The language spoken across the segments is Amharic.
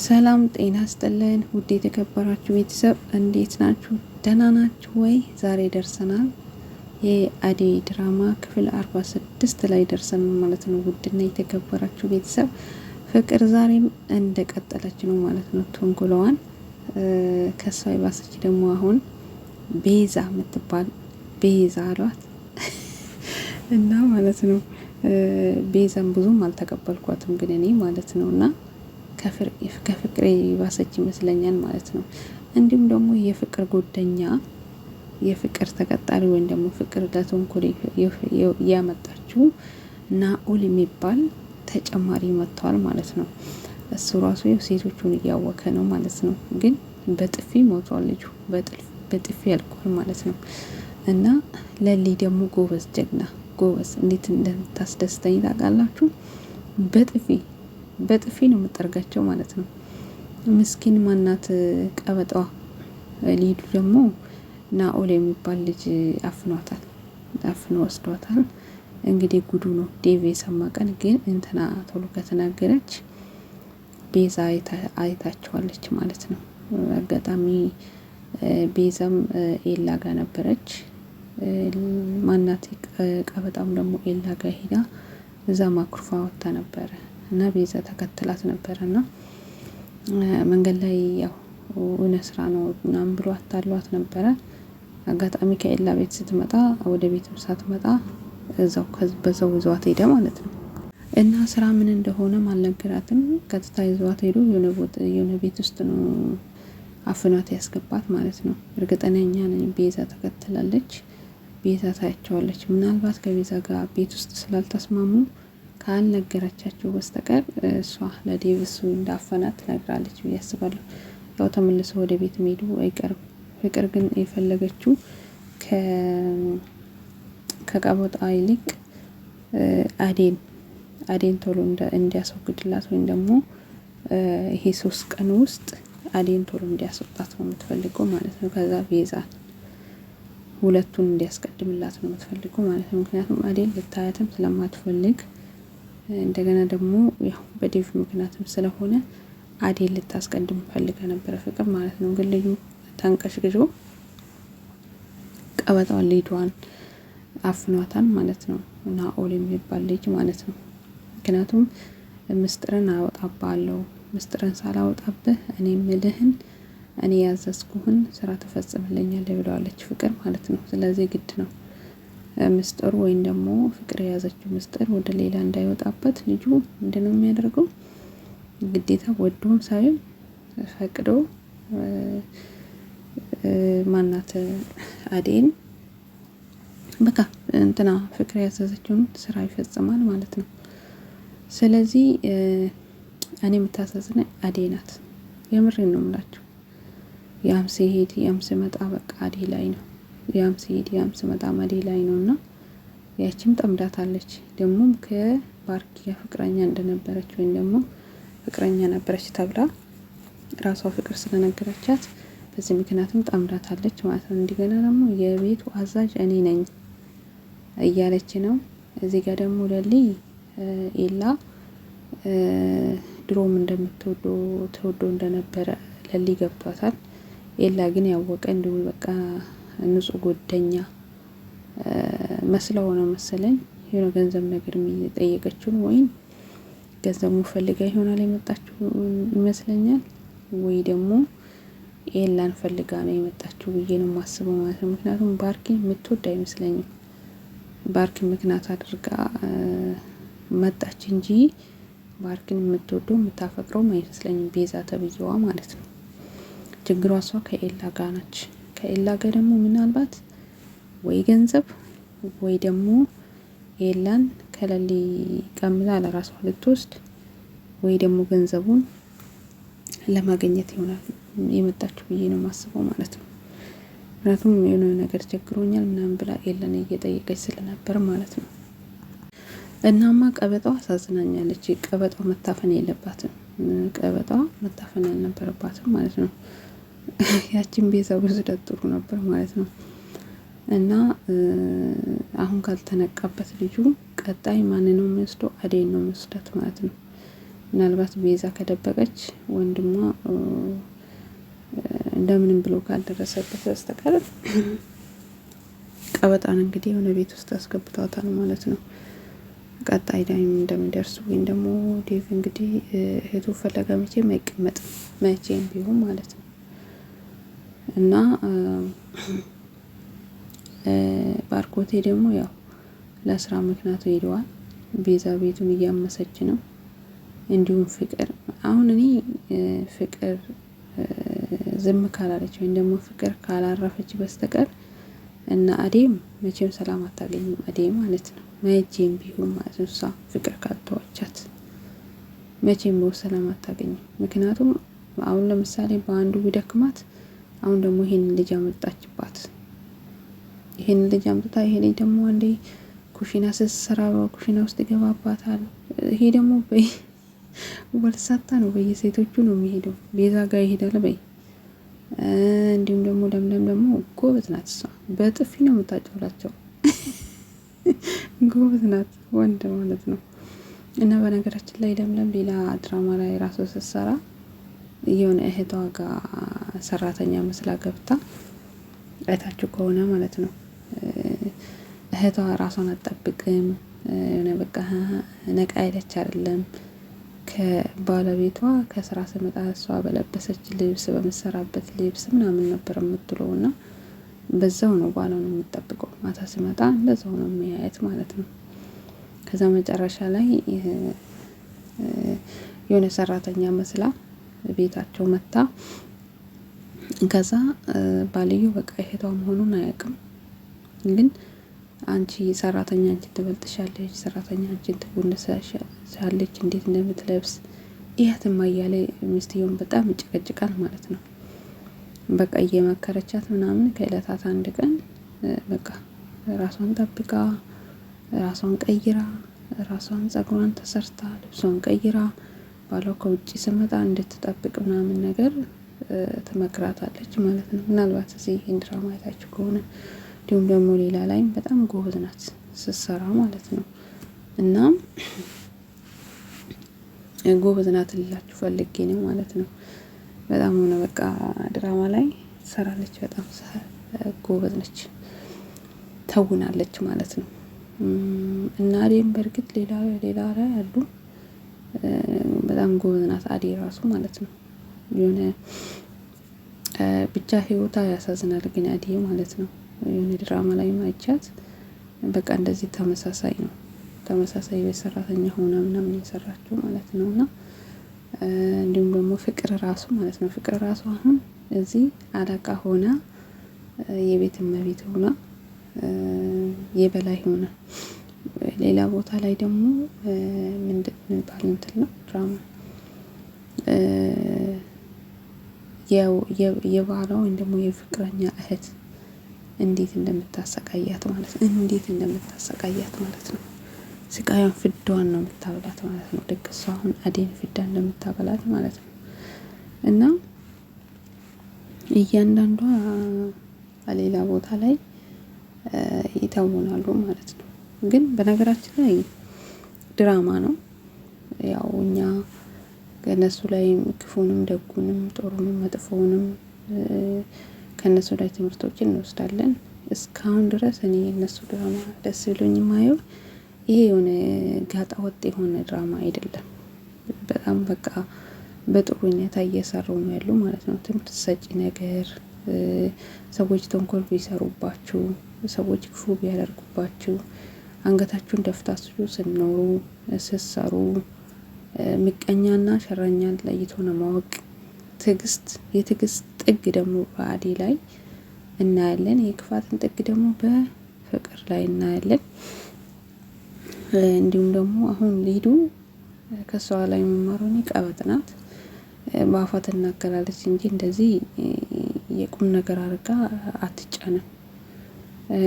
ሰላም ጤና ስጥልን ውድ የተከበራችሁ ቤተሰብ እንዴት ናችሁ? ደህና ናችሁ ወይ? ዛሬ ደርሰናል የአደይ ድራማ ክፍል አርባ ስድስት ላይ ደርሰናል ማለት ነው። ውድና የተከበራችሁ ቤተሰብ ፍቅር ዛሬም እንደ ቀጠለች ነው ማለት ነው። ተንኮለዋን ከሷ የባሰች ደግሞ አሁን ቤዛ የምትባል ቤዛ አሏት እና ማለት ነው ቤዛም ብዙም አልተቀበልኳትም ግን እኔ ማለት ነው እና ከፍቅሬ የባሰች ይመስለኛል ማለት ነው። እንዲሁም ደግሞ የፍቅር ጎደኛ የፍቅር ተቀጣሪ ወይም ደግሞ ፍቅር ለተንኮል ያመጣችው ናኦል የሚባል ተጨማሪ መጥተዋል ማለት ነው። እሱ ራሱ ሴቶቹን እያወከ ነው ማለት ነው። ግን በጥፊ ሞቷል ልጁ በጥፊ ያልቋል ማለት ነው። እና ለሊ ደግሞ ጎበዝ ጀግና ጎበዝ እንዴት እንደምታስደስተኝ ታውቃላችሁ በጥፊ በጥፊ ነው የምጠርጋቸው ማለት ነው። ምስኪን ማናት ቀበጧ ሊዱ ደግሞ ናኦል የሚባል ልጅ አፍኗታል፣ አፍኖ ወስዷታል። እንግዲህ ጉዱ ነው ዴቭ የሰማ ቀን ግን እንትና ቶሎ ከተናገረች ቤዛ አይታቸዋለች ማለት ነው። አጋጣሚ ቤዛም ኤላ ጋ ነበረች። ማናት ቀበጣም ደግሞ ኤላ ጋ ሄዳ እዛ ማክሩፋ ወጥታ ነበረ። እና ቤዛ ተከትላት ነበረ እና መንገድ ላይ ያው እውነ ስራ ነው ምናምን ብሎ አታሏት ነበረ። አጋጣሚ ከኤላ ቤት ስትመጣ ወደ ቤትም ሳትመጣ እዛው በዛው ይዘዋት ሄደ ማለት ነው። እና ስራ ምን እንደሆነ አልነገራትም። ቀጥታ ይዘዋት ሄዱ። የሆነ ቤት ውስጥ ነው አፍኗት ያስገባት ማለት ነው። እርግጠኛ ነኝ ቤዛ ተከትላለች። ቤዛ ታያቸዋለች። ምናልባት ከቤዛ ጋር ቤት ውስጥ ስላልተስማሙ ካልነገረቻችሁ በስተቀር እሷ ለዴቭ እሱ እንዳፈናት ትነግራለች ብዬ አስባለሁ። ያው ተመልሶ ወደ ቤት መሄዱ አይቀርም። ፍቅር ግን የፈለገችው ከቀበጣ ይልቅ አዴን አዴን ቶሎ እንዲያስወግድላት ወይም ደግሞ ይሄ ሶስት ቀን ውስጥ አዴን ቶሎ እንዲያስወጣት ነው የምትፈልገው ማለት ነው። ከዛ ቤዛን ሁለቱን እንዲያስቀድምላት ነው የምትፈልገው ማለት ነው። ምክንያቱም አዴን ልታያትም ስለማትፈልግ እንደገና ደግሞ ያው በዴቭ ምክንያትም ስለሆነ አዴ ልታስቀድም ፈልገ ነበረ ፍቅር ማለት ነው። ግን ልዩ ተንቀሽቅሾ ቀበጣዋን ሊዷን አፍኗታል ማለት ነው። ኦል የሚባል ልጅ ማለት ነው። ምክንያቱም ምስጥርን አወጣብሃለሁ፣ ምስጥርን ሳላወጣብህ እኔ ምልህን እኔ ያዘዝኩህን ስራ ትፈጽምልኛለህ ብለዋለች ፍቅር ማለት ነው። ስለዚህ ግድ ነው ምስጥሩ ወይም ደግሞ ፍቅር የያዘችው ምስጢር ወደ ሌላ እንዳይወጣበት ልጁ ምንድነው የሚያደርገው? ግዴታ ወዶም ሳይሆን ፈቅዶ ማናት አዴን በቃ እንትና ፍቅር ያዘዘችውን ስራ ይፈጽማል ማለት ነው። ስለዚህ እኔ የምታሳዝነኝ አዴ ናት። የምሬን ነው የምላችሁ። ያም ሲሄድ ያም ሲመጣ በቃ አዴ ላይ ነው ያም ሲሄድ ያም ስመጣ መዴ ላይ ነው እና ያቺም ጠምዳታለች። ደግሞም ከባርኪያ ፍቅረኛ እንደነበረች ወይም ደግሞ ፍቅረኛ ነበረች ተብላ ራሷ ፍቅር ስለነገረቻት በዚህ ምክንያትም ጠምዳታለች ማለት ነው። እንደገና ደግሞ የቤቱ አዛዥ እኔ ነኝ እያለች ነው። እዚህ ጋር ደግሞ ለሊ ኤላ ድሮም እንደምትወዶ ተወዶ እንደነበረ ለሊ ገብቷታል። ኤላ ግን ያወቀ እንዲሁ በቃ ንጹህ ጎደኛ መስለው ነው መሰለኝ የሆነ ገንዘብ ነገር የጠየቀችውን ወይም ገንዘቡ ፈልጋ ይሆናል የመጣችው ይመስለኛል። ወይ ደግሞ ኤላን ፈልጋ ነው የመጣችው ብዬ ነው የማስበው ማለት ነው። ምክንያቱም ባርኪ የምትወድ አይመስለኝም። ባርኪ ምክንያት አድርጋ መጣች እንጂ ባርኪን የምትወደው የምታፈቅረው አይመስለኝም ቤዛ ተብዬዋ ማለት ነው። ችግሯ እሷ ከኤላ ጋር ነች። ከኤላ ጋር ደግሞ ምናልባት ወይ ገንዘብ ወይ ደግሞ ኤላን ከሌሊ ቀምታ ለራሷ ልትወስድ ወይ ደግሞ ገንዘቡን ለማግኘት ይሆናል የመጣችው ብዬ ነው የማስበው ማለት ነው። ምክንያቱም የሆነ ነገር ቸግሮኛል ምናምን ብላ ኤላን እየጠየቀች ስለነበር ማለት ነው። እናማ ቀበጣዋ አሳዝናኛለች። ቀበጣው መታፈን የለባትም ቀበጣዋ መታፈን አልነበረባትም ማለት ነው። ያችን ቤዛ ብወስዳት ጥሩ ነበር ማለት ነው። እና አሁን ካልተነቃበት ልጁ ቀጣይ ማን ነው የሚወስደው? አደይ ነው የሚወስዳት ማለት ነው። ምናልባት ቤዛ ከደበቀች ወንድሟ እንደምንም ብሎ ካልደረሰበት በስተቀር ቀበጣን እንግዲህ የሆነ ቤት ውስጥ አስገብቷታል ማለት ነው። ቀጣይ ዳይም እንደሚደርሱ ወይም ደግሞ ዴቭ እንግዲህ እህቱ ፈለጋ መቼም አይቀመጥም መቼም ቢሆን ማለት ነው። እና ባርኮቴ ደግሞ ያው ለስራ ምክንያቱ ሄደዋል። ቤዛ ቤቱን እያመሰች ነው። እንዲሁም ፍቅር አሁን እኔ ፍቅር ዝም ካላለች ወይም ደግሞ ፍቅር ካላረፈች በስተቀር እና አዴም መቼም ሰላም አታገኝም። አዴ ማለት ነው መቼም ቢሆን ማለት ነው እሷ ፍቅር ካልተዋቻት መቼም ቢሆን ሰላም አታገኝም። ምክንያቱም አሁን ለምሳሌ በአንዱ ቢደክማት አሁን ደግሞ ይሄን ልጅ አመጣችባት። ይሄን ልጅ አምጥታ ይሄ ልጅ ደግሞ አንዴ ኩሽና ስትሰራ በኩሽና ውስጥ ይገባባታል። ይሄ ደግሞ በይ ወልሳታ ነው፣ በየሴቶቹ ነው የሚሄደው። ቤዛ ጋር ይሄዳል በይ እንዲሁም ደግሞ ለምለም ደግሞ ጎበዝ ናት። እሷ በጥፊ ነው የምታጫውላቸው። ጎበዝ ናት ወንድ ማለት ነው። እና በነገራችን ላይ ለምለም ሌላ ድራማ ላይ ራሱ ስትሰራ የሆነ እህቷ ጋር ሰራተኛ መስላ ገብታ አይታችሁ ከሆነ ማለት ነው። እህቷ ራሷን አትጠብቅም። የሆነ በቃ ነቃ አይለች አይደለም ከባለቤቷ ከስራ ስመጣ እሷ በለበሰች ልብስ በምሰራበት ልብስ ምናምን ነበር የምትለው እና በዛው ነው ባለው ነው የምጠብቀው። ማታ ስመጣ እንደዛው ነው የሚያየት ማለት ነው። ከዛ መጨረሻ ላይ የሆነ ሰራተኛ መስላ ቤታቸው መታ ከዛ ባልዩ በቃ እህቷ መሆኑን አያውቅም። ግን አንቺ ሰራተኛ አንቺን ትበልጥሻለች፣ ሰራተኛ አንቺን ትጎንሳሻለች፣ እንዴት እንደምትለብስ እያትማ እያለ ሚስትየውን በጣም ይጨቀጭቃል ማለት ነው። በቃ እየመከረቻት ምናምን ከእለታት አንድ ቀን በቃ ራሷን ጠብቃ ራሷን ቀይራ ራሷን ጸጉሯን ተሰርታ ልብሷን ቀይራ የሚባለው ከውጭ ስመጣ እንድትጠብቅ ምናምን ነገር ትመክራታለች ማለት ነው። ምናልባት እዚህ ይህን ድራማ አይታችሁ ከሆነ እንዲሁም ደግሞ ሌላ ላይም በጣም ጎበዝ ናት ስትሰራ ማለት ነው። እና ጎበዝ ናት ልላችሁ ፈልጌ ነው ማለት ነው። በጣም ሆነ በቃ ድራማ ላይ ትሰራለች። በጣም ጎበዝ ነች፣ ተውናለች ማለት ነው። እና እኔም በእርግጥ ሌላ ሌላ ላይ አሉ በጣም ጎበዝ ናት ራሱ ማለት ነው። የሆነ ብቻ ህይወታ ያሳዝናል። ግን አዲ ማለት ነው የሆነ ድራማ ላይ ማይቻት በቃ እንደዚህ ተመሳሳይ ነው። ተመሳሳይ ቤት ሰራተኛ ሆና ምናምን የሰራችው ማለት ነው። እና እንዲሁም ደግሞ ፍቅር ራሱ ማለት ነው ፍቅር ራሱ አሁን እዚህ አለቃ ሆና የቤት እመቤት ሆና የበላይ ሆና ሌላ ቦታ ላይ ደግሞ ምንባል እንትን ነው ድራማ የባሏ ወይም ደግሞ የፍቅረኛ እህት እንዴት እንደምታሰቃያት ማለት ነው። እንዴት እንደምታሰቃያት ማለት ነው። ስቃያን ፍዳዋን ነው የምታበላት ማለት ነው። ልክ እሷ አሁን አዴን ፍዳ እንደምታበላት ማለት ነው። እና እያንዳንዷ ሌላ ቦታ ላይ ይተውናሉ ማለት ነው። ግን በነገራችን ላይ ድራማ ነው። ያው እኛ ከእነሱ ላይ ክፉንም ደጉንም ጦሩንም መጥፎውንም ከእነሱ ላይ ትምህርቶችን እንወስዳለን። እስካሁን ድረስ እኔ የእነሱ ድራማ ደስ ብሎኝ የማየው ይሄ የሆነ ጋጣ ወጥ የሆነ ድራማ አይደለም። በጣም በቃ በጥሩ ሁኔታ እየሰሩ ነው ያሉ ማለት ነው። ትምህርት ሰጪ ነገር ሰዎች ተንኮል ቢሰሩባችሁ፣ ሰዎች ክፉ ቢያደርጉባችሁ አንገታችሁን ደፍታችሁ ስኖሩ ስሰሩ ምቀኛና ሸረኛን ለይቶ ማወቅ። ትግስት የትግስት ጥግ ደግሞ በአዲ ላይ እናያለን። የክፋትን ጥግ ደግሞ በፍቅር ላይ እናያለን። እንዲሁም ደግሞ አሁን ሊዱ ከሷ ላይ መማሩን ቀበጥ ናት። በአፏ ትናገራለች እንጂ እንደዚህ የቁም ነገር አድርጋ አትጫንም።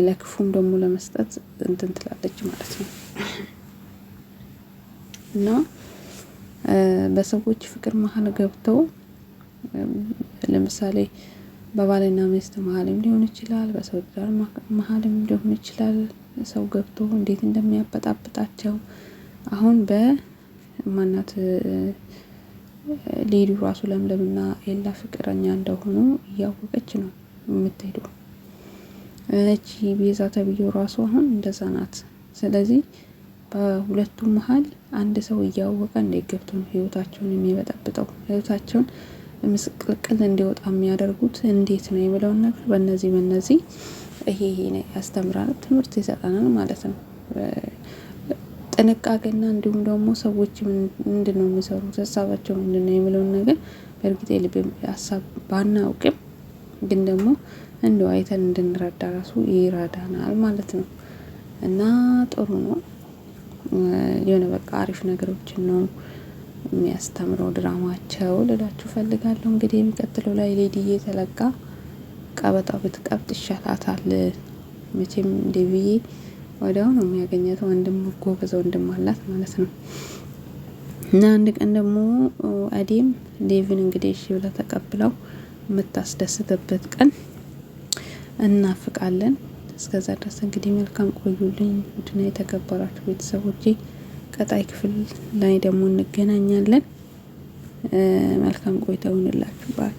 ለክፉም ደግሞ ለመስጠት እንትን ትላለች ማለት ነው እና በሰዎች ፍቅር መሀል ገብተው ለምሳሌ በባልና ሚስት መሀልም ሊሆን ይችላል፣ በሰው ትዳር መሀልም ሊሆን ይችላል። ሰው ገብቶ እንዴት እንደሚያበጣብጣቸው አሁን በማናት ሌዲ ራሱ ለምለምና የላ ፍቅረኛ እንደሆኑ እያወቀች ነው የምትሄደው። እቺ ቤዛ ተብዬው ራሱ አሁን እንደዛ ናት። ስለዚህ በሁለቱም መሀል አንድ ሰው እያወቀ እንዳይገብቶ ነው ህይወታቸውን የሚበጠብጠው ህይወታቸውን ምስቅልቅል እንዲወጣ የሚያደርጉት እንዴት ነው የሚለውን ነገር በእነዚህ በእነዚህ ይሄ ይሄ ያስተምራል፣ ትምህርት ይሰጠናል ማለት ነው። ጥንቃቄና እንዲሁም ደግሞ ሰዎች ምንድን ነው የሚሰሩት ሀሳባቸው ምንድን ነው የሚለውን ነገር በእርግጥ የልብ ሀሳብ ባናውቅም ግን ደግሞ እንደው አይተን እንድንረዳ ራሱ ይረዳናል ማለት ነው። እና ጥሩ ነው። የሆነ በቃ አሪፍ ነገሮችን ነው የሚያስተምረው ድራማቸው ልላችሁ ፈልጋለሁ። እንግዲህ የሚቀጥለው ላይ ሌዲዬ ተለቃ ቀበጣ ብትቀብጥ ይሻላታል። መቼም እንደ ወዲያው ነው የሚያገኘት። ወንድም ጎበዝ ወንድም አላት ማለት ነው። እና አንድ ቀን ደግሞ አዴም ሌቪን እንግዲህ እሺ ብላ ተቀብለው የምታስደስትበት ቀን እናፍቃለን። እስከዛ ድረስ እንግዲህ መልካም ቆዩልኝ ውድና የተከበራችሁ ቤተሰቦቼ። ቀጣይ ክፍል ላይ ደግሞ እንገናኛለን። መልካም ቆይታ ይሁንላችሁ።